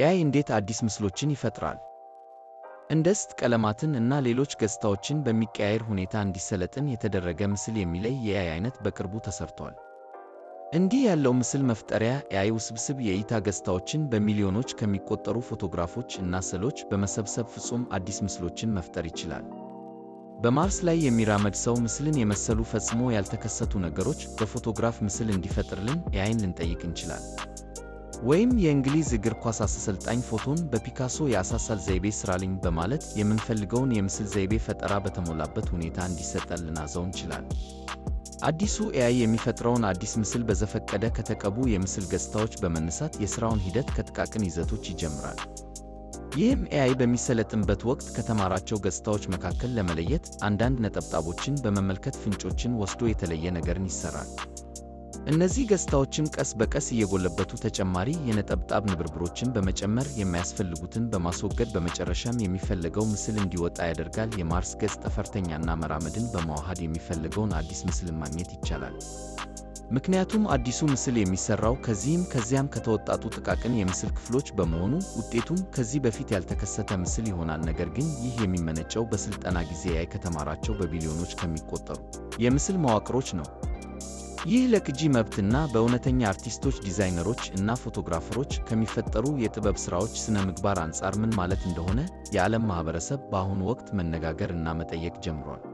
ኤአይ እንዴት አዲስ ምስሎችን ይፈጥራል? እንደስት ቀለማትን እና ሌሎች ገጽታዎችን በሚቀያየር ሁኔታ እንዲሰለጥን የተደረገ ምስል የሚለይ የኤአይ አይነት በቅርቡ ተሰርቷል። እንዲህ ያለው ምስል መፍጠሪያ ኤአይ ውስብስብ የእይታ ገጽታዎችን በሚሊዮኖች ከሚቆጠሩ ፎቶግራፎች እና ስዕሎች በመሰብሰብ ፍጹም አዲስ ምስሎችን መፍጠር ይችላል። በማርስ ላይ የሚራመድ ሰው ምስልን የመሰሉ ፈጽሞ ያልተከሰቱ ነገሮች በፎቶግራፍ ምስል እንዲፈጥርልን ኤአይን ልንጠይቅ እንችላል። ወይም የእንግሊዝ እግር ኳስ አሰልጣኝ ፎቶን በፒካሶ የአሳሳል ዘይቤ ስራልኝ በማለት የምንፈልገውን የምስል ዘይቤ ፈጠራ በተሞላበት ሁኔታ እንዲሰጠን ልናዘው እንችላለን። አዲሱ ኤአይ የሚፈጥረውን አዲስ ምስል በዘፈቀደ ከተቀቡ የምስል ገጽታዎች በመነሳት የሥራውን ሂደት ከጥቃቅን ይዘቶች ይጀምራል። ይህም ኤአይ በሚሰለጥንበት ወቅት ከተማራቸው ገጽታዎች መካከል ለመለየት አንዳንድ ነጠብጣቦችን በመመልከት ፍንጮችን ወስዶ የተለየ ነገርን ይሰራል። እነዚህ ገጽታዎችም ቀስ በቀስ እየጎለበቱ ተጨማሪ የነጠብጣብ ንብርብሮችን በመጨመር የማያስፈልጉትን በማስወገድ በመጨረሻም የሚፈለገው ምስል እንዲወጣ ያደርጋል። የማርስ ገጽ ጠፈርተኛና መራመድን በማዋሃድ የሚፈለገውን አዲስ ምስል ማግኘት ይቻላል። ምክንያቱም አዲሱ ምስል የሚሰራው ከዚህም ከዚያም ከተወጣጡ ጥቃቅን የምስል ክፍሎች በመሆኑ ውጤቱም ከዚህ በፊት ያልተከሰተ ምስል ይሆናል። ነገር ግን ይህ የሚመነጨው በስልጠና ጊዜ ያይ ከተማራቸው በቢሊዮኖች ከሚቆጠሩ የምስል መዋቅሮች ነው። ይህ ለቅጂ መብትና በእውነተኛ አርቲስቶች፣ ዲዛይነሮች እና ፎቶግራፈሮች ከሚፈጠሩ የጥበብ ሥራዎች ሥነ ምግባር አንጻር ምን ማለት እንደሆነ የዓለም ማኅበረሰብ በአሁኑ ወቅት መነጋገር እና መጠየቅ ጀምሯል።